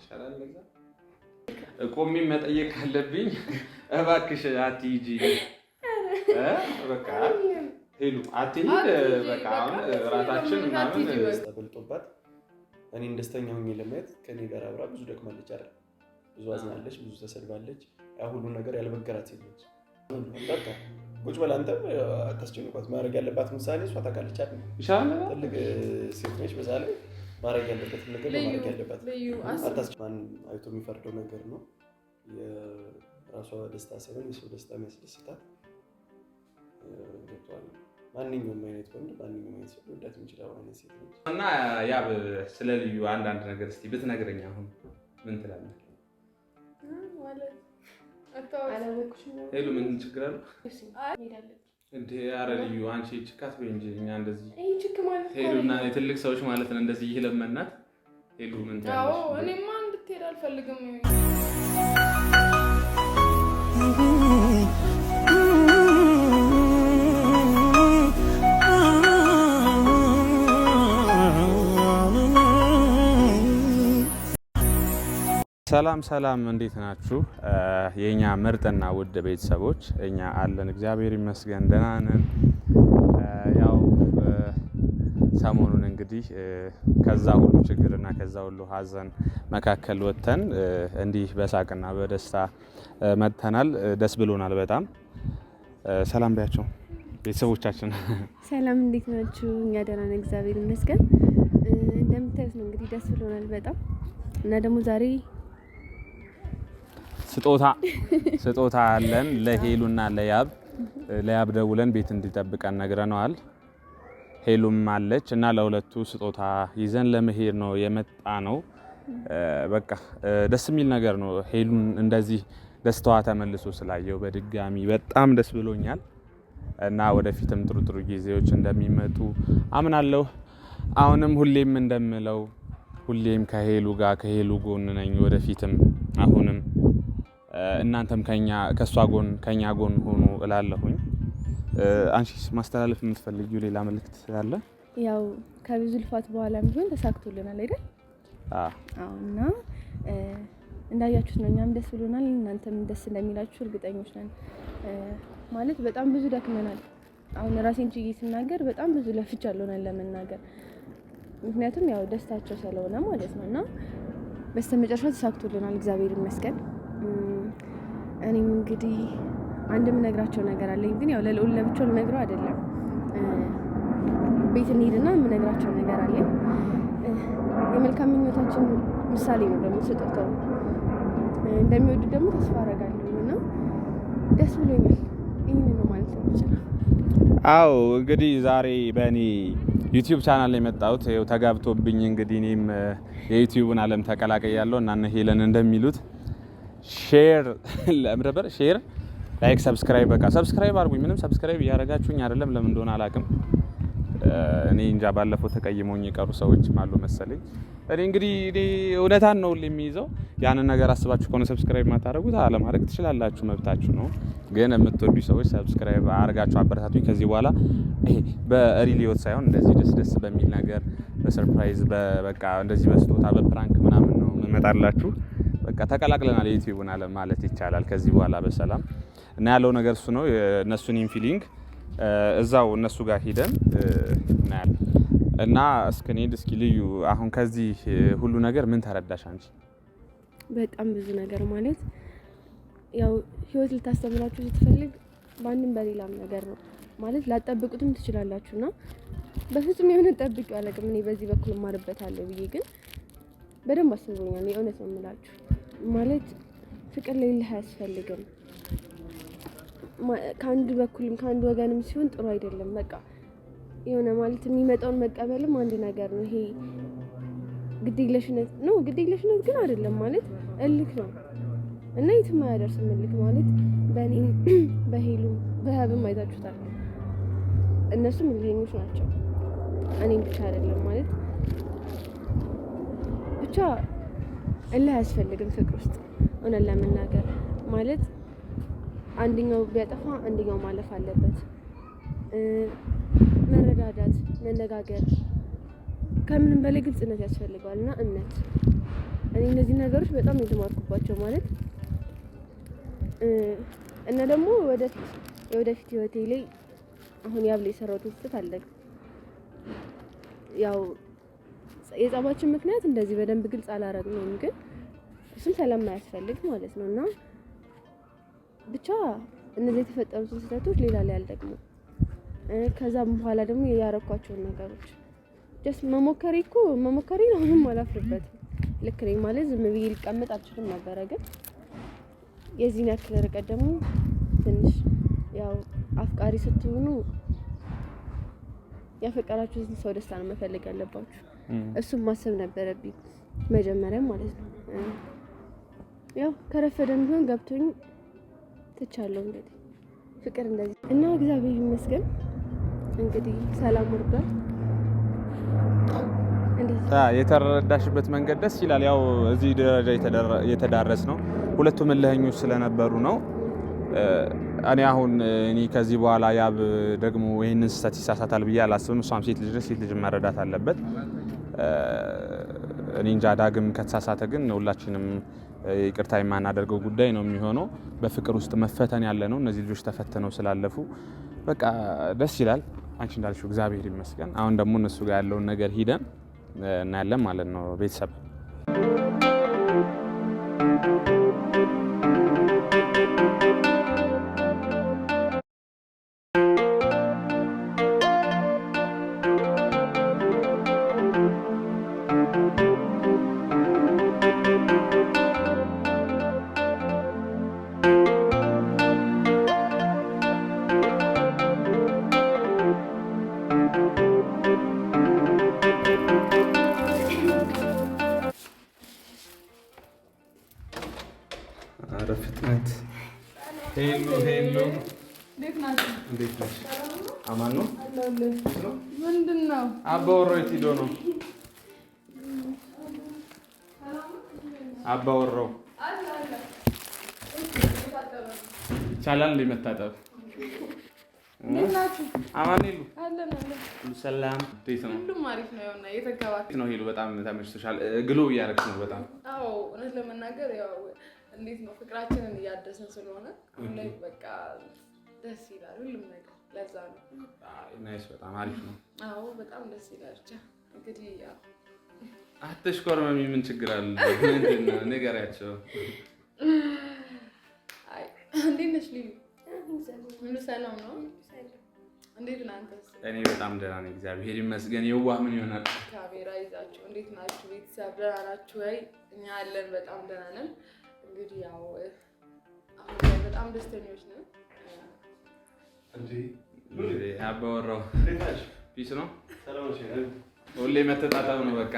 ይሻላል። ቆሜ መጠየቅ ካለብኝ እባክሽ አትሂጂ። በቃ ሄሉ አትሂድ። በቃ አሁን እራታችን ምናምን ተበልጦባት እኔን ደስተኛ ሆኜ ለማየት ከኔ ጋር አብራ ብዙ ደክማለች አይደል? ብዙ አዝናለች፣ ብዙ ተሰድባለች። ያ ሁሉ ነገር ያልበገራት ሴት በቃ ቁጭ በል አንተም አታስጨንቋት። ማድረግ ያለባት እሷ ታውቃለች አይደል? ትልቅ ሴት ነች በዛ ላይ ማድረግ ያለበት ነገር ማድረግ ያለበት አታስችማን አይቶ የሚፈርደው ነገር ነው። የራሷ ደስታ ሳይሆን የሰው ደስታ የሚያስደስታት ገብቷል። ማንኛውም አይነት ወንድ ማንኛውም አይነት ሰው ሊወዳት የሚችለው አይነት ሴት ነች እና ያ ስለ ልዩ አንዳንድ ነገር እስኪ ብትነግረኝ አሁን ምን ትላለህ? ሄሉ ምን ችግር አለው? እንዴ ኧረ ልዩ አንቺ ችካት ወይ እንጂ እኛ እንደዚህ ሄሉና የትልቅ ሰዎች ማለት ነው እንደዚህ ይለመናት ሄሉ ምን እኔማ እንድትሄድ አልፈልግም። ሰላም ሰላም፣ እንዴት ናችሁ የኛ ምርጥና ውድ ቤተሰቦች? እኛ አለን እግዚአብሔር ይመስገን ደህና ነን። ያው ሰሞኑን እንግዲህ ከዛ ሁሉ ችግርና ከዛ ሁሉ ሀዘን መካከል ወጥተን እንዲህ በሳቅና በደስታ መጥተናል። ደስ ብሎናል በጣም። ሰላም ቢያቸው ቤተሰቦቻችን ሰላም፣ እንዴት ናችሁ? እኛ ደህና ነን እግዚአብሔር ይመስገን። እንደምታዩት ነው እንግዲህ ደስ ብሎናል በጣም እና ደግሞ ዛሬ ስጦታ ስጦታ አለን ለሄሉና ለያብ ለያብ ደውለን ቤት እንዲጠብቀን ነግረነዋል። ሄሉም አለች እና ለሁለቱ ስጦታ ይዘን ለመሄድ ነው የመጣ ነው። በቃ ደስ የሚል ነገር ነው። ሄሉን እንደዚህ ደስታዋ ተመልሶ ስላየው በድጋሚ በጣም ደስ ብሎኛል እና ወደፊትም ጥሩ ጥሩ ጊዜዎች እንደሚመጡ አምናለሁ። አሁንም ሁሌም እንደምለው ሁሌም ከሄሉ ጋር ከሄሉ ጎን ነኝ። ወደፊትም አሁንም እናንተም ከኛ ከእሷ ጎን ከኛ ጎን ሆኑ እላለሁኝ። አንቺስ ማስተላለፍ የምትፈልጊው ሌላ መልእክት ስላለ? ያው ከብዙ ልፋት በኋላም ቢሆን ተሳክቶልናል አይደል? እና እንዳያችሁት ነው፣ እኛም ደስ ብሎናል፣ እናንተም ደስ እንደሚላችሁ እርግጠኞች ነን። ማለት በጣም ብዙ ደክመናል። አሁን ራሴን ችዬ ስናገር በጣም ብዙ ለፍቻለሁ ለመናገር፣ ምክንያቱም ያው ደስታቸው ስለሆነ ማለት ነው። እና በስተመጨረሻ ተሳክቶልናል፣ እግዚአብሔር ይመስገን። እኔም እንግዲህ አንድ የምነግራቸው ነገር አለኝ፣ ግን ያው ለልዑል ለብቻው ልነግረው አይደለም። ቤት እንሂድና የምነግራቸው ነገር አለኝ። የመልካም ምኞታችን ምሳሌ ነው ደግሞ ስጦታው። እንደሚወዱ ደግሞ ተስፋ አደርጋለሁ እና ደስ ብሎኛል። ይህን ነው ማለት ነው ይችላል። አዎ እንግዲህ ዛሬ በእኔ ዩቲዩብ ቻናል የመጣሁት የመጣሁት ተጋብቶብኝ እንግዲህ እኔም የዩቲዩብን አለም ተቀላቀያለሁ እና እነ ሄለን እንደሚሉት ሼር ሼር ላይክ ሰብስክራይብ በቃ ሰብስክራይብ አድርጉኝ። ምንም ሰብስክራይብ እያደረጋችሁኝ አይደለም፣ ለምን እንደሆነ አላውቅም። እኔ እንጃ ባለፈው ተቀይመውኝ የቀሩ ሰዎች አሉ መሰለኝ። እኔ እንግዲህ እኔ እውነታን ነው የሚይዘው። ያንን ነገር አስባችሁ ከሆነ ሰብስክራይብ ማታደርጉት አለማድረግ ትችላላችሁ፣ መብታችሁ ነው። ግን የምትወዱ ሰዎች ሰብስክራይብ አድርጋችሁ አበረታቱኝ። ከዚህ በኋላ ይሄ በሪል ሳይሆን እንደዚህ ደስ ደስ በሚል ነገር በሰርፕራይዝ በቃ እንደዚህ በስጦታ በፕራንክ ምናምን ነው መጣላችሁ በቃ ተቀላቅለናል ዩቲዩብን አለ ማለት ይቻላል። ከዚህ በኋላ በሰላም እና ያለው ነገር እሱ ነው። እነሱን ኢንፊሊንግ እዛው እነሱ ጋር ሂደን እናያለን እና እስክንሄድ እስኪ ልዩ አሁን ከዚህ ሁሉ ነገር ምን ተረዳሽ አንቺ? በጣም ብዙ ነገር ማለት ያው ህይወት ልታስተምራችሁ ስትፈልግ በአንድም በሌላም ነገር ነው ማለት ላጠብቁትም ትችላላችሁ እና በፍጹም የሆነ ጠብቂው እኔ በዚህ በኩል እማርበታለሁ ብዬ ግን በደንብ አስበኛል። የእውነት ነው የምላችሁ ማለት ፍቅር ሌለህ አያስፈልግም። ከአንድ በኩልም ከአንድ ወገንም ሲሆን ጥሩ አይደለም። በቃ የሆነ ማለት የሚመጣውን መቀበልም አንድ ነገር ነው። ይሄ ግዴለሽነት ነው። ግዴለሽነት ግን አይደለም ማለት እልክ ነው እና የትም አያደርስም። እልክ ማለት በእኔም በሄሉ በህብም አይታችሁታል። እነሱም እልከኞች ናቸው። እኔም ብቻ አይደለም ማለት ብቻ እልህ አያስፈልግም ፍቅር ውስጥ እውነት ለመናገር ማለት አንደኛው ቢያጠፋ አንደኛው ማለፍ አለበት። መረዳዳት፣ መነጋገር፣ ከምንም በላይ ግልጽነት ያስፈልገዋል እና እምነት። እኔ እነዚህ ነገሮች በጣም የተማርኩባቸው ማለት እና ደግሞ የወደፊት ህይወቴ ላይ አሁን ያብለ የሰራሁት ውስጥ አለኝ ያው የጸባችን ምክንያት እንደዚህ በደንብ ግልጽ አላረግነውም፣ ግን እሱም ስለማያስፈልግ ማለት ነው። እና ብቻ እነዚህ የተፈጠሩትን ስህተቶች ሌላ ላይ አልደግሞ ከዛ በኋላ ደግሞ ያረኳቸውን ነገሮች ጀስ መሞከሬ እኮ መሞከሬ አሁንም አላፍርበትም። ልክ ነኝ ማለት ዝም ብዬ ልቀመጥ አልችልም ነበረ፣ ግን የዚህን ያክል ርቀት ደግሞ ትንሽ ያው አፍቃሪ ስትሆኑ ያፈቀራችሁትን ሰው ደስታ ነው መፈለግ ያለባችሁ። እሱም ማሰብ ነበረብኝ መጀመሪያም ማለት ነው። ያው ከረፈደም ቢሆን ገብቶኝ ትቻለሁ። እንግዲህ ፍቅር እንደዚህ እና እግዚአብሔር ይመስገን እንግዲህ ሰላም ወርዷል። የተረዳሽበት መንገድ ደስ ይላል። ያው እዚህ ደረጃ የተዳረስ ነው ሁለቱም እልኸኞች ስለነበሩ ነው። እኔ አሁን እኔ ከዚህ በኋላ ያብ ደግሞ ይህንን ስህተት ይሳሳታል ብዬ አላስብም። እሷም ሴት ልጅ ሴት ልጅ መረዳት አለበት። እኔ እንጃ ዳግም ከተሳሳተ ግን ሁላችንም ይቅርታ የማናደርገው ጉዳይ ነው የሚሆነው። በፍቅር ውስጥ መፈተን ያለ ነው። እነዚህ ልጆች ተፈትነው ስላለፉ በቃ ደስ ይላል። አንቺ እንዳልሽው እግዚአብሔር ይመስገን። አሁን ደግሞ እነሱ ጋር ያለውን ነገር ሂደን እናያለን ማለት ነው ቤተሰብ እንዴት ነሽ? አማን ነው። ምንድን ነው አባወራው? የት ነው አባወራው? ይቻላል እንደ መታጠብ ሰላም ነው? ነው። ያውና የተጋባክ ነው። በጣም ተመችቶሻል? ግሎ እያደረግሽ ነው በጣም አዎ። እውነት ለመናገር ያው እንዴት ነው ፍቅራችንን እያደሰን ስለሆነ በቃ ደስ ይላል ሁሉም ነገር። ለዛ ነው ናይስ። በጣም አሪፍ ነው። አዎ በጣም ደስ ይላል። ብቻ እንግዲህ ያው አትሽኮርመሚ፣ ምን ችግር አለ? ምንድን ነው ንገሪያቸው። እንዴት ነሽ ልዩ? ሁሉ ሰላም ነው? እንዴት ናንተስ? እኔ በጣም ደህና ነኝ እግዚአብሔር ይመስገን። የዋህ ምን ይሆናል? ካሜራ ይዛችሁ እንዴት ናችሁ ቤተሰብ? ደህና ናችሁ ወይ? እኛ አለን በጣም ደህና ነን። እንግዲህ ያው አሁን በጣም ደስተኞች ነን። አባወራው ፒስ ነው። ሁሌ መተጣጣም ነው በቃ።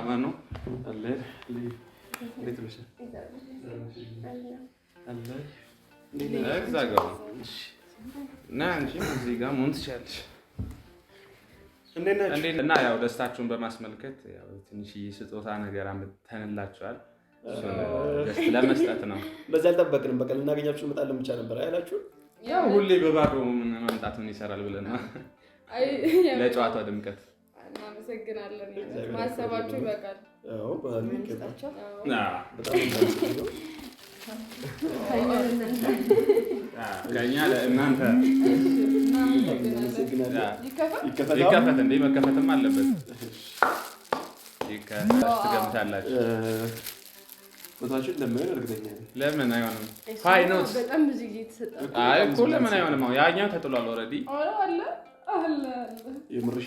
አማን ነው። እዛ ጋር እና አንቺም እዚህ ጋር መሆን ትችላለሽ። እና ያው ደስታችሁን በማስመልከት ትንሽዬ ስጦታ ነገር አምጥተንላችኋል። ለመስጠት ነው። በዚህ አልጠበቅንም። በቃ ልናገኛችሁ እንመጣለን ብቻ ነበር ያላችሁ። ያው ሁሌ በባዶ ምን መምጣት ምን ይሰራል ብለን ለጨዋታ ድምቀት እናመሰግናለን። ማሰባችሁ ይበቃል። ከእኛ ለእናንተ ይከፈት እንዴ? መከፈትም አለበት። ትገምታላችሁ ቦታችን እንደማይሆን እርግጠኛ ነኝ። ለምን አይሆንም? ሀይ ነው በጣም ብዙ ጊዜ እኮ ለምን አይሆንም? አሁን ያኛው ተጥሏል። ኦልሬዲ አለ አለ የምርሽ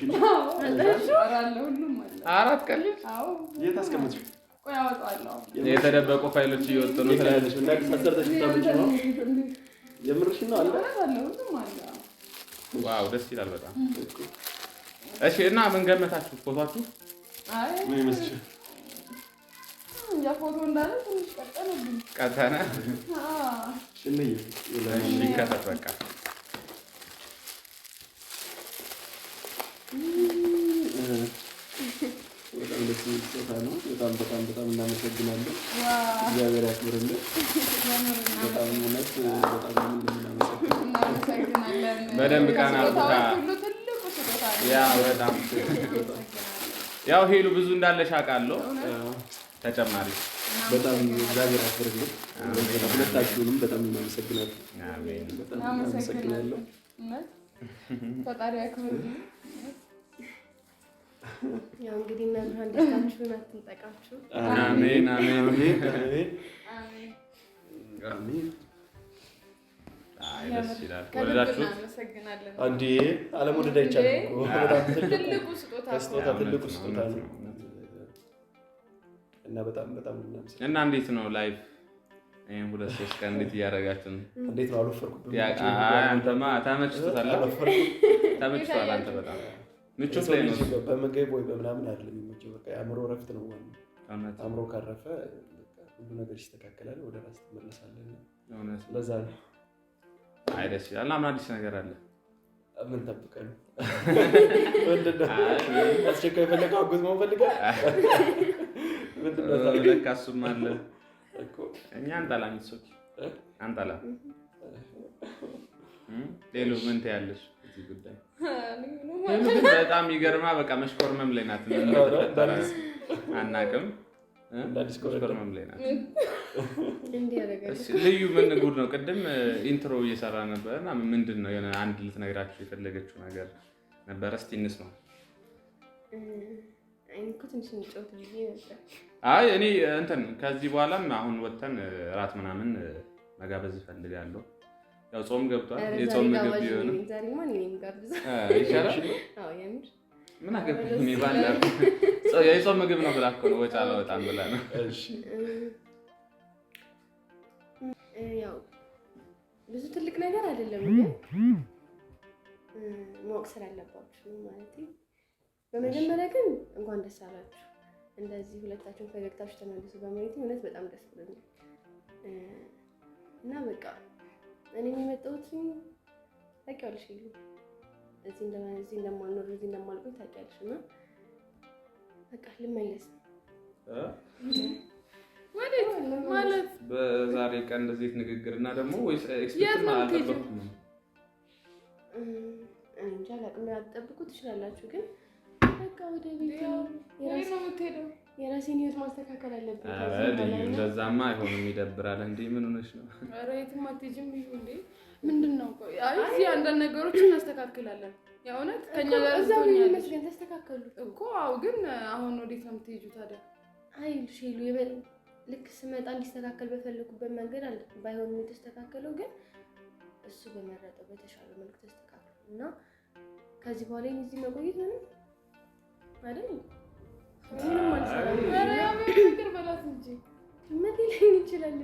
አራት ቀን የት የተደበቁ ፋይሎች እየወጡ ነው ትላለች። ነው የምርሽ ነው አለ አለ ሁሉም አለ። ዋው ደስ ይላል በጣም። እሺ እና ምን ገመታችሁ ምን ይመስልሻል? እኛ ፎቶ እንዳለ ትንሽ ቀጠነብኝ። በጣም ደስ የሚል ስጦታ ነው። በጣም በጣም በጣም እናመሰግናለን። እግዚአብሔር ያክብርልን። በጣም እውነት በጣም እናመሰግናለን። በደንብ ቃና ያው በጣም ያው ሄሉ ብዙ እንዳለሽ አውቃለሁ። ተጨማሪ በጣም እግዚአብሔር ያክብርልኝ። ሁለታችሁንም በጣም እናመሰግናለሁ። ፈጣሪ ያክብርልኝ። ያው እንግዲህ ደስታችሁን አትንጠቃችሁ። አሜን፣ አሜን፣ አሜን፣ አሜን። አለመውደድ አይቻልም። ትልቁ ስጦታ ነው። እና በጣም በጣም እና እንዴት ነው ላይፍ ይሄን ሁለት ሶስት ቀን እንዴት እያደረጋችሁ ነው? እንዴት ነው አልወፈርኩም? አንተማ ተመችቶታል፣ ተመችቶሃል። አንተ በጣም ምቾት ላይ ነው። በምግብ ወይ በምናምን አይደለም የሚመቸው፣ በቃ አእምሮ ረፍት ነው ዋናው። አእምሮ ካረፈ ሁሉ ነገር ይስተካከላል፣ ወደ ራስ ትመለሳለህ። ለዛ ነው አይደስ ይላል። እና ምን አዲስ ነገር አለ? ምን ጠብቀህ ነው? ምንድን ነው አስቸኳይ የፈለገው? አጉዝ መሆን ፈልጋል ለካ እሱም አለ እኛ አንጣላም። ሌሎ ምን ትያለሽ? በጣም ይገርማ። በቃ መሽኮርመም ላይ ናት። አናቅም መሽኮርመም ላይ ናት። ልዩ ምን ጉድ ነው? ቅድም ኢንትሮ እየሰራ ነበር እና ምንድን ነው የሆነ አንድ ልትነግራችሁ የፈለገችው ነገር ነበረ። እስቲ ነው አይ እኔ እንትን ከዚህ በኋላም አሁን ወጥተን እራት ምናምን መጋበዝ ይፈልጋለሁ። ያው ጾም ገብቷል። የጾም ምግብ ቢሆን ምን አገባኝ ባለ የጾም ምግብ ነው ብላ እኮ ነው ወጪ አላወጣም ብላ ነው። ብዙ ትልቅ ነገር አይደለም፣ ግን ማወቅ ስላለባችሁ ማለት በመጀመሪያ ግን እንኳን ደስ አላችሁ እንደዚህ ሁለታቸውን ፈገግታዎች ተመልሶ በማየት እውነት በጣም ደስ ብሎኛል እና በቃ እኔም የመጣሁት ታውቂያለሽ ይሉ እዚህ እንደማልኖር እዚህ እንደማልቆይ ታውቂያለሽ እና በቃ ልመለስ ማለት በዛሬ ቀን እንደዚህ ንግግር እና ደግሞ ወይስ ኤክስፔክት አልጠበኩም እንጂ አላውቅም። አትጠብቁ ትችላላችሁ ግን በቃ ወደ ቤት የራሴን ህይወት ማስተካከል አለብኝ። እንደዛማ አይሆንም፣ ይደብራል። እንዴ ምን ሆነሽ ነው? ኧረ የትም አትሄጂም። ምንድን ነው? አይ እዚህ አንዳንድ ነገሮች እናስተካክላለን። የእውነት ከኛ ጋር ይመስገን ተስተካከሉ እኮ አዎ። ግን አሁን ወዴት ነው የምትሄጂው ታዲያ? አይ ሼሉ ልክ ስመጣ እንዲስተካከል በፈለጉበት መንገድ አለ ባይሆንም የተስተካከለው ግን እሱ በመረጠው በተሻለ መልክ ተስተካከሉ እና ከዚህ በኋላ እዚህ መቆየት ምንም ምን ሊለኝ ይችላል?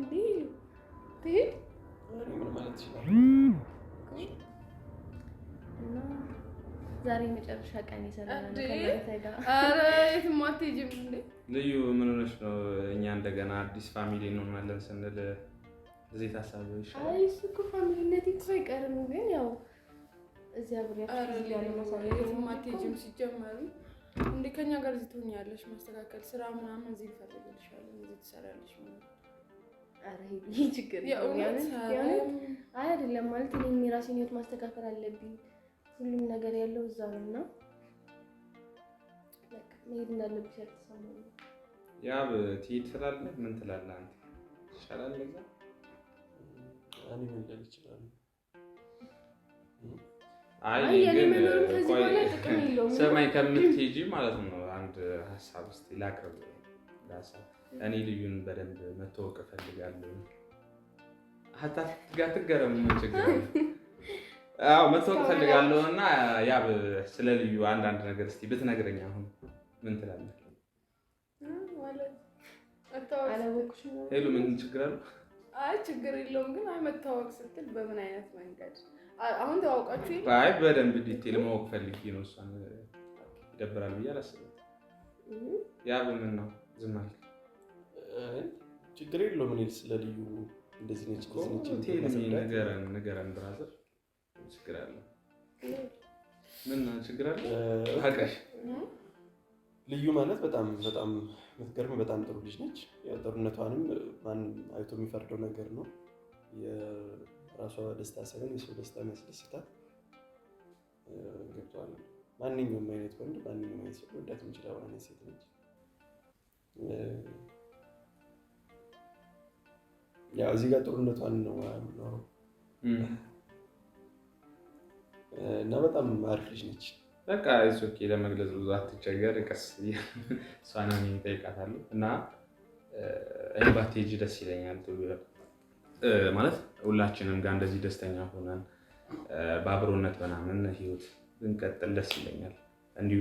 ዛሬ መጨረሻ ቀን የሰራነው ልዩ ምን ሆነሽ ነው? እኛ እንደገና አዲስ ፋሚሊ እንሆናለን ስንል እዚህ ታሳቢ ይሻላል። እሱ እኮ ፋሚሊነት እኮ አይቀርም፣ ግን ያው እዚያ ብሬ ያለ ማሳየት ማቴጅም ሲጀመሩ እንዴ ከኛ ጋር እዚህ ትሆኛለሽ፣ ማስተካከል ስራ ምናምን እዚህ ይፈልግልሻል፣ እዚህ ትሰራለሽ ምናምን ችግር አይ አይደለም ማለት እኔ የራሴን ህይወት ማስተካከል አለብኝ። ሁሉም ነገር ያለው እዛ ነው እና መሄድ እንዳለብሽ ያልተሰማኝ ያብ ትሄድ ትላለህ። ምን ትላለህ አንተ? ይሻላል እዛ እኔ መሄድ ይችላል ሰማይ ከምትሄጂ ማለት ነው። አንድ ሀሳብ ስ ላቅርብ። እኔ ልዩን በደንብ መታወቅ እፈልጋለሁ። ሀታትጋ ትገረም ምን ችግር አዎ መታወቅ እፈልጋለሁ። እና ያ ስለ ልዩ አንዳንድ ነገር እስኪ ብትነግረኝ አሁን ምን ትላለህ? ሄሉ ምን ችግር አለው? አይ ችግር የለውም። ግን አይ መታወቅ ስትል በምን አይነት መንገድ አሁን ተዋውቃችሁ? አይ በደንብ ዲቴል ማወቅ ፈልጌ ነው። እሷን ይደብራል ብዬ አላስብም። ያ በምን ነው ዝም ችግር የለውም። እኔ ስለ ልዩ እንደዚህ ነች ንገረን ንገረን፣ ብራዘር ችግር አለ? ምን ችግር አለ? አውቃሽ ልዩ ማለት በጣም በጣም የምትገርም በጣም ጥሩ ልጅ ነች። ጥሩነቷንም ማንም አይቶ የሚፈርደው ነገር ነው ራሷ ደስታ ሳይሆን የሰው ደስታ የሚያስደስታት ገብቷል። ማንኛውም አይነት ወንድ ማንኛውም አይነት ሰው ወዳት የሚችለው አይነት ሴት ነች። ያው እዚህ ጋር ጥሩነቷን ነው የምናወራው እና በጣም አሪፍ ልጅ ነች። በቃ እሱ ኦኬ ለመግለጽ ብዙ አትቸገር። ቀስ እሷን እኔ እጠይቃታለሁ እና እኔ ባትሄጂ ደስ ይለኛል። ማለት ሁላችንም ጋር እንደዚህ ደስተኛ ሆነን በአብሮነት ምናምን ህይወት ብንቀጥል ደስ ይለኛል። እንዲሁ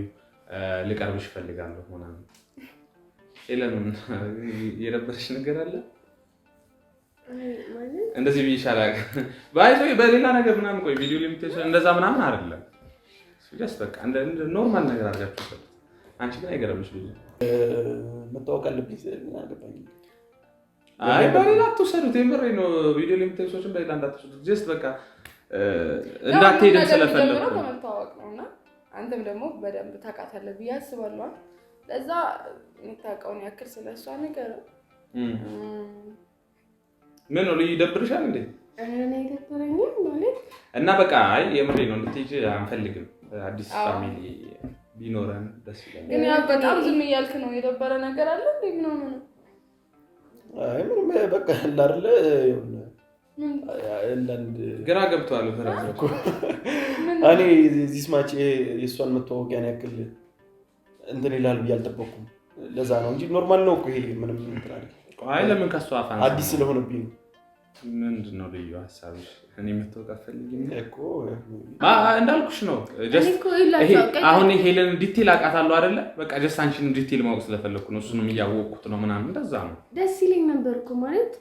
ልቀርብሽ እፈልጋለሁ ምናምን። ኤለን የነበረሽ ነገር አለ እንደዚህ ብዬሽ አላውቅም። ባይዞ በሌላ ነገር ምናምን ቆይ ቪዲዮ ሊሚቴሽን እንደዛ ምናምን አይደለም። ስ በቃ ኖርማል ነገር አድርጋችሁበት። አንቺ ግን አይገረምሽ ብዬሽ መታወቅ አለብኝ አልገባኝም አይ በሌላ አትወሰዱት። የምሬ ነው። ቪዲዮ ሊሚቴሽን ሰዎች በሌላ እንዳትወሰዱት። ጀስት በቃ እንዳትሄድም ስለፈለኩ ከመታወቅ ነው እና አንተም ደግሞ በደንብ ታውቃታለህ ብዬ አስባለሁ። ለዛ የምታውቀውን ያክል ስለሷ ነገር ምን ነው ልዩ ይደብርሻል እንዴ? እና በቃ አይ የምሬ ነው እንድትሄጂ አንፈልግም። አዲስ ፋሚሊ ቢኖረን ደስ ይለኛል። ግን በጣም ዝም እያልክ ነው። የደበረ ነገር አለ ነው ነው ምንም በቃ ላርለ ግራ ገብተዋል። እኔ ዚስ ማች የእሷን መተዋወቂያን ያክል እንትን ይላል ብዬ አልጠበኩም። ለዛ ነው እንጂ ኖርማል ነው እኮ ይሄ ምንም ለምን አዲስ ስለሆነብኝ ነው ምንድን ነው ልዩ ሀሳብሽ? እኔ የምትወጣ ፈልጊኝ እንዳልኩሽ ነው። አሁን ሄለን ዲቴል አውቃታለሁ አይደለ? በቃ ጀስት አንቺንም ዲቴል ማወቅ ስለፈለግኩ ነው። እሱንም እያወቅኩት ነው ምናምን እንደዛ ነው። ደስ ይለኝ ነበር እኮ ማለት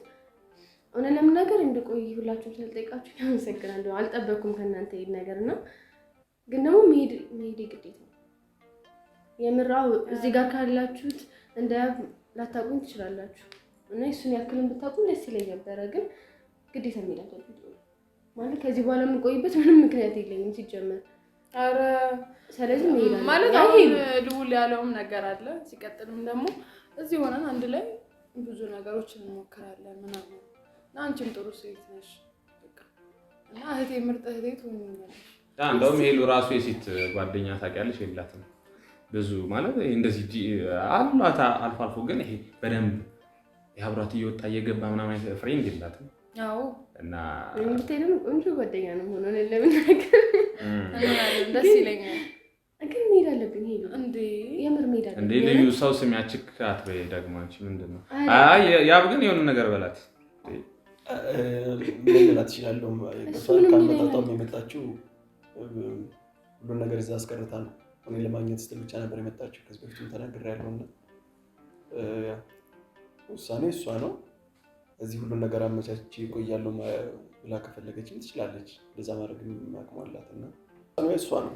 እውነት ለምን ነገር እንድቆይ ሁላችሁም ስለጠይቃችሁ አመሰግናለሁ። አልጠበኩም ከእናንተ ይሄድ ነገር እና ግን ደግሞ መሄድ ግዴታ ነው። የምራው እዚህ ጋር ካላችሁት እንደ ላታቁኝ ትችላላችሁ እና እሱን ያክልን ብታቁም ደስ ይለኝ ነበረ ግን ግዴታ የሚላት ማለት ከዚህ በኋላ የምቆይበት ምንም ምክንያት የለኝም ሲጀመር። ኧረ ስለዚህ ማለት አሁን ልውል ያለውም ነገር አለ። ሲቀጥልም ደግሞ እዚህ ሆነን አንድ ላይ ብዙ ነገሮች እንሞክራለን ምናምን እና አንቺም ጥሩ ሴት ነሽ እና እህቴ ምርጥ እህቴ ትሆኛለሽ። እንደውም ሄሉ ራሱ የሴት ጓደኛ ታውቂያለሽ? የላትም ብዙ ማለት እንደዚህ አሏት አልፎ አልፎ፣ ግን ይሄ በደንብ የአብሯት እየወጣ እየገባ ምናምን ፍሬንድ የላትም እና ቆንጆ ጓደኛ ልዩ ሰው ስሚያችክ አትበይ ደግሞ አንቺ ምንድን ነው? ያብ ግን የሆነ ነገር በላት ይችላለሁ። የመጣችው ሁሉን ነገር እዛ አስቀርታ ነው። እኔ ለማግኘት ስትል ብቻ ነበር የመጣችው። ከዚህ በፊትም ተናግሬያለሁ እና ውሳኔ እሷ ነው እዚህ ሁሉን ነገር አመቻች ይቆያለሁ ብላ ከፈለገችም ትችላለች። በዛ ማድረግ አቅም አላት እና እሷ ነው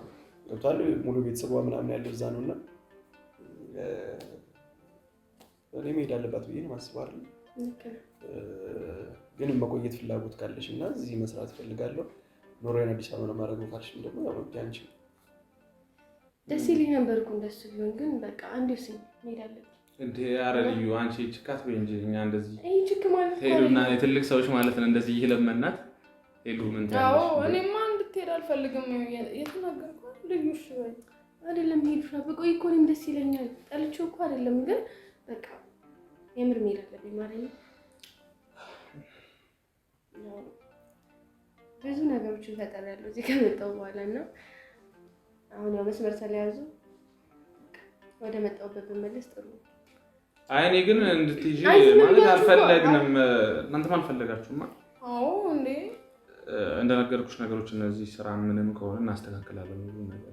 ገብቷል። ሙሉ ቤተሰቧ ምናምን ያለው እዛ ነው እና እኔ መሄድ አለባት ብዬ ማስባር ግን መቆየት ፍላጎት ካለሽ እና እዚህ መስራት ይፈልጋለሁ ኖሮን አዲስ አበባ ለማድረግ ካልሽም ደግሞ ያንቺ ደስ ይለኝ ነበርኩ እንደሱ ቢሆን ግን በቃ አንድ ስ መሄድ አለብን እንዴ አንቺ እንደዚህ ሰዎች ማለት ነው እንደዚህ ይለመናት ሄሉ ምን ታውቃለሽ? እኔማ እንድትሄድ አልፈልግም። የተናገርኩት ልዩ እሺ አይደለም ሄዱ በቆይ እኮ እኔም ደስ ይለኛል። ጠልቼው እኮ አይደለም ግን በቃ የምር መሄድ አለብኝ ማለት ነው። ብዙ ነገሮችን ፈጠር ያለው እዚህ ከመጣሁ በኋላ እና አሁን ያው መስመር ስለያዙ ወደ መጣሁበት ብመለስ ጥሩ ነው። አይ እኔ ግን እንድትይዥ ማለት አልፈለግንም። እናንተም አልፈለጋችሁማ። እንደነገርኩሽ ነገሮች እነዚህ ስራ ምንም ከሆነ እናስተካክላለን። ሁሉ ነገር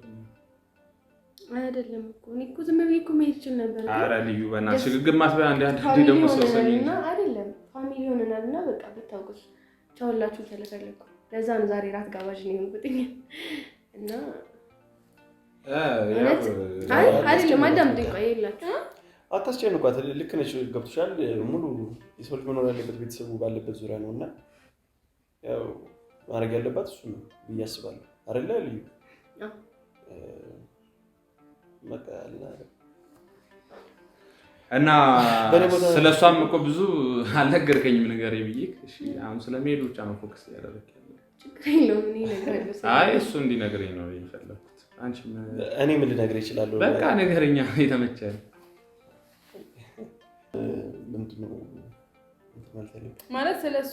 አይደለም እኮ እኔ እኮ ዝም እኮ መሄድ ይችል ነበር። ልዩ ሽግግር ማስበያ አንድ አንድ ደግሞ ስለሰሚና አይደለም ፋሚሊ ሆነናል እና በቃ ብታውቁት ቻውላችሁ ስለፈለግኩ ለዛ ነው ዛሬ ራት ጋባዥ ነው እና አይደለም ቆይ የላችሁ አታስጨንቋት። ልክ ነች፣ ገብቶሻል። ሙሉ የሰው ልጅ መኖር ያለበት ቤተሰቡ ባለበት ዙሪያ ነው እና ያው ማድረግ ያለባት እሱ ነው ብዬ አስባለሁ። አይደለ ልዩ እና ስለ እሷም እኮ ብዙ አልነገርከኝም፣ ነገር ብዬ አሁን ስለመሄዱ ብቻ ነው ፎክስ ያደረግህ። አይ እሱ እንዲነግረኝ ነው የፈለኩት። እኔ ምን ልነግርህ እችላለሁ? በቃ ነገረኛ የተመቸህ ማለት ስለ እሷ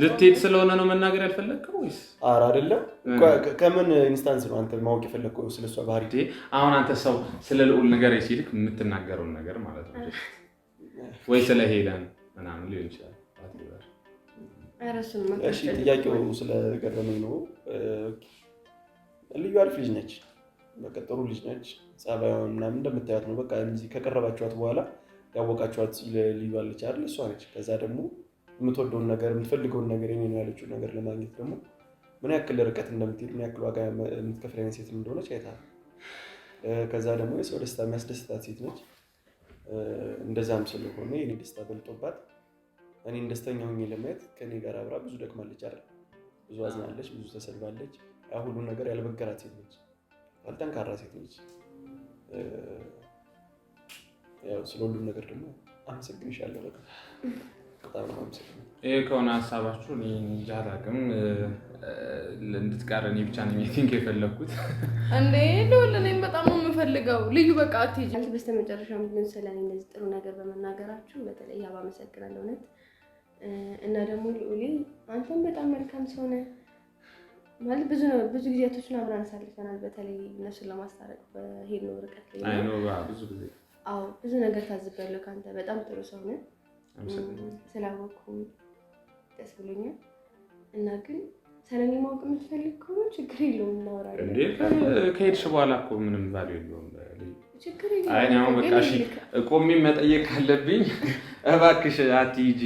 ልትሄድ ስለሆነ ነው መናገር ያልፈለግከው ወይስ? ኧረ አይደለም። ከምን ኢንስታንስ ነው አንተ ማወቅ የፈለግከው ስለ እሷ ባህሪ? አሁን አንተ ሰው ስለ ልዑል ነገር ሲልክ የምትናገረውን ነገር ማለት ነው ወይ ስለ ሄለን ምናምን ሊሆን ይችላል። እሺ ጥያቄው ስለገረመኝ ነው። ልዩ አሪፍ ልጅ ነች፣ በቃ ጥሩ ልጅ ነች። ጸባይዋን ምናምን እንደምታያት ነው። በቃ ከቀረባችኋት በኋላ ያወቃችኋት ልዩ አለች አይደል? እሷ ነች። ከዛ ደግሞ የምትወደውን ነገር የምትፈልገውን ነገር የኔ ነው ያለችውን ነገር ለማግኘት ደግሞ ምን ያክል ርቀት እንደምትሄድ ምን ያክል ዋጋ የምትከፍል አይነት ሴት እንደሆነች አይተሃል። ከዛ ደግሞ የሰው ደስታ የሚያስደስታት ሴት ነች። እንደዛም ስለሆነ የኔ ደስታ በልጦባት እኔን ደስተኛ ሆኜ ለማየት ከእኔ ጋር አብራ ብዙ ደክማለች አይደል? ብዙ አዝናለች፣ ብዙ ተሰልባለች። ያ ሁሉ ነገር ያልበገራት ሴት ነች። ጠንካራ ሴት ነች። ስለ ሁሉም ነገር ደግሞ አመሰግንሻለሁ። በቃ በጣም ነው አመሰግናለሁ። ይህ ከሆነ ሀሳባችሁ ጃላቅም እንድትቀር እኔ ብቻ ነው ሚቲንግ የፈለግኩት። እንዴ ልውል እኔም በጣም ነው የምፈልገው። ልዩ በቃ አትሄጂ አንቺ። በስተመጨረሻ ምንድን ስለ እኔ እንደዚህ ጥሩ ነገር በመናገራችሁ በተለይ ያብ አመሰግናለሁ እውነት። እና ደግሞ ልዑሌ አንተም በጣም መልካም ሰው ነህ ማለት ብዙ ነው። ብዙ ጊዜያቶችን አብረን አሳልፈናል። በተለይ እነሱን ለማስታረቅ በሄድነው ርቀት ብዙ ጊዜ አዎ ብዙ ነገር ታዝቤያለሁ ከአንተ። በጣም ጥሩ ሰው ነህ፣ ስላወቅኩ ደስ ብሎኛል። እና ግን ስለኔ ማወቅ የምትፈልግ ከሆነ ችግር የለውም እናወራለን። እንዴ ከሄድሽ በኋላ እኮ ምንም ባሉ የለውም። አሁን በቃ እሺ፣ ቆሜ መጠየቅ ካለብኝ እባክሽ አትሂጂ።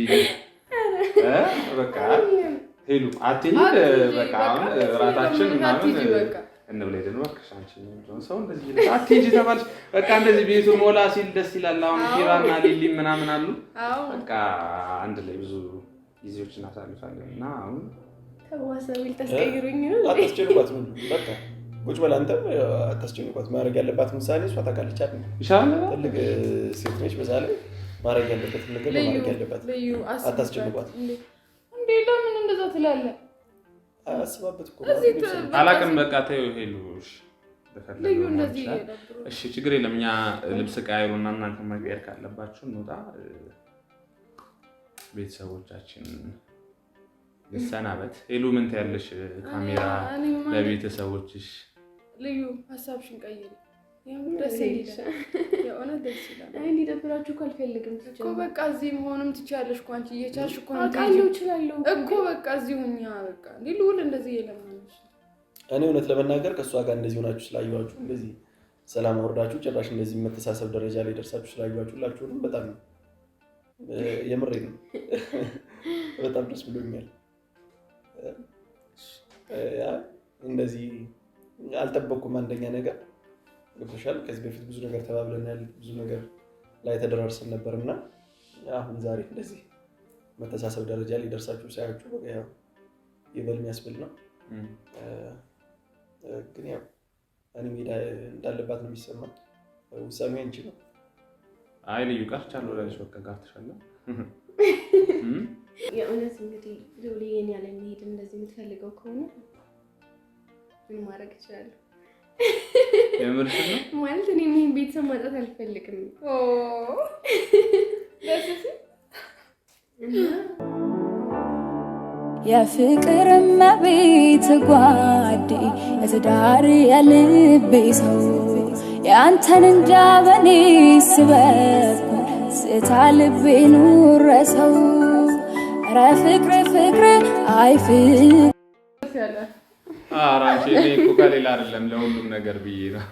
በቃ ሄሉ አትሂድ። በቃ አሁን እራታችን ምናምን እንብላይ ደግሞ እባክሽ አንቺ ሰው እንደዚህ ይላል። አትሄጂ ተባልሽ በቃ እንደዚህ ቤቱ ሞላ ሲል ደስ ይላል። አሁን ኪራና ሊሊ ምናምን አሉ። በቃ አንድ ላይ ብዙ ጊዜዎች እናሳልፋለን እና አሁን ተዋሰቢል ተስቀይሩኝ ነው አታስጨንቋት። ምን በቃ ቁጭ በል አንተም አታስጨንቋት። ማድረግ ያለባት ምሳሌ እሷ ታውቃለች አይደል? ትልቅ ሴት ነች። በዛ ላይ ማድረግ ያለበት ነገር ማድረግ ያለባት አታስጨንቋት። እንዴ ለምን እንደዛ ትላለህ? አስባበት እኮ አላቅም። በቃ ተይው ሄሉ። እሺ ችግር የለም። እኛ ልብስ ቀያይሩ እና እናንተ መቀየር ካለባችሁ እንውጣ። ቤተሰቦቻችን ሰናበት። ሄሉ ምን ትያለሽ? ካሜራ ለቤተሰቦችሽ ልዩ ሀሳብሽን ቀይሪ እንዲደብራችሁ እኮ አልፈልግም እኮ በቃ እዚህ መሆንም ትችያለሽ እኮ አንቺ እየቻልሽ እኮ እኮ በቃ እዚሁ እኛ በቃ ልውል እንደዚህ እየለመነች እኔ እውነት ለመናገር ከእሷ ጋር እንደዚህ ሆናችሁ ስላየኋችሁ እንደዚህ ሰላም አውርዳችሁ ጭራሽ እንደዚህ መተሳሰብ ደረጃ ላይ ደርሳችሁ ስላየኋችሁ ሁላችሁንም በጣም የምሬ ነው፣ በጣም ደስ ብሎኛል። እንደዚህ አልጠበቅኩም አንደኛ ነገር ገብቶሻል። ከዚህ በፊት ብዙ ነገር ተባብለናል፣ ብዙ ነገር ላይ ተደራርሰን ነበር እና አሁን ዛሬ እንደዚህ መተሳሰብ ደረጃ ሊደርሳችሁ ሳያችሁ ይበል የሚያስብል ነው። ግን ያው እኔ ሜዳ እንዳለባት ነው የሚሰማ። ውሳኔ አንቺ ነው። አይ ልዩ ቀርቻለሁ ላለች በቃ ቀርተሻለሁ። የእውነት እንግዲህ ልውልዬን ያለ መሄድ እንደዚህ የምትፈልገው ከሆነ ምን ማድረግ እችላለሁ? ማለት እኔ ይህን ቤተሰብ ማጣት አልፈልግም። የፍቅር መቤት ጓዴ የትዳር የልቤ ሰው የአንተን እንዳበኔ ስበብ ስታ ልቤ ኑረሰው ረ ፍቅር ፍቅር አይፍ አራንቺ እኮ ከሌላ አይደለም ለሁሉም ነገር ብዬ ነው።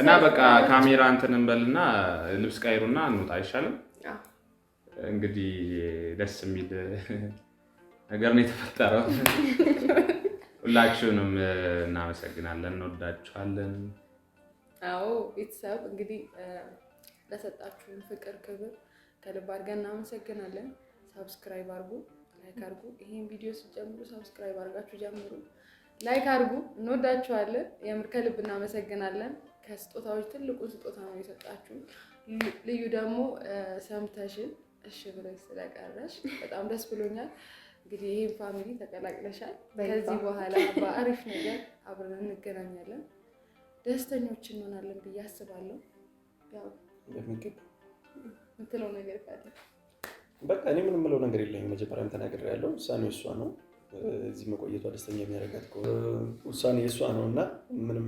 እና በቃ ካሜራ እንትን እንበልና ልብስ ቀይሩና እንውጣ አይሻልም? እንግዲህ ደስ የሚል ነገር ነው የተፈጠረው። ሁላችሁንም እናመሰግናለን፣ እንወዳችኋለን። አዎ ቤተሰብ እንግዲህ ለሰጣችሁን ፍቅር፣ ክብር ከልብ አድርገን እናመሰግናለን። ሰብስክራይብ አድርጉ። ላይክ አድርጉ። ይሄን ቪዲዮ ስትጀምሩ ሰብስክራይብ አድርጋችሁ ጀምሩ። ላይክ አድርጉ። እንወዳችኋለን። የምር ከልብ እናመሰግናለን። ከስጦታዎች ትልቁ ስጦታ ነው የሰጣችሁ። ልዩ ደግሞ ሰምተሽን እሺ ብለሽ ስለቀረሽ በጣም ደስ ብሎኛል። እንግዲህ ይህን ፋሚሊ ተቀላቅለሻል። ከዚህ በኋላ በአሪፍ ነገር አብረን እንገናኛለን፣ ደስተኞች እንሆናለን ብዬ አስባለሁ። ያው የምትለው ነገር ካለ በቃ እኔ ምን የምለው ነገር የለኝም። መጀመሪያም ተናገር ያለው ውሳኔ እሷ ነው። እዚህ መቆየቷ ደስተኛ የሚያደርጋት ውሳኔ እሷ ነው እና ምንም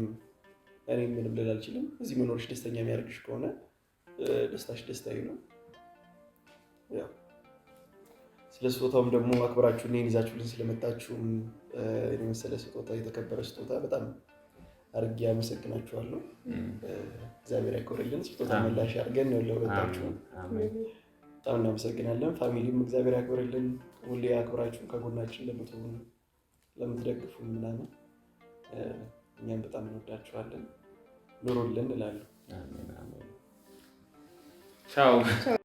እኔ ምንም ልል አልችልም። እዚህ መኖርሽ ደስተኛ የሚያደርግሽ ከሆነ ደስታሽ ደስታዬ ነው። ስለ ስጦታውም ደግሞ አክብራችሁ እኔን ይዛችሁልን ስለመጣችሁም የመሰለ ስጦታ የተከበረ ስጦታ በጣም አድርጌ አመሰግናችኋለሁ። እግዚአብሔር ያክብርልን። ስጦታ መላሽ አድርገን ነው ለሁለታችሁም በጣም እናመሰግናለን። ፋሚሊም እግዚአብሔር ያክብርልን። ሁሌ አክብራችሁን ከጎናችን ለምትሆኑ ለምትደግፉ ምናምን እኛም በጣም እንወዳችኋለን። ኑሩልን እላለሁ። ቻው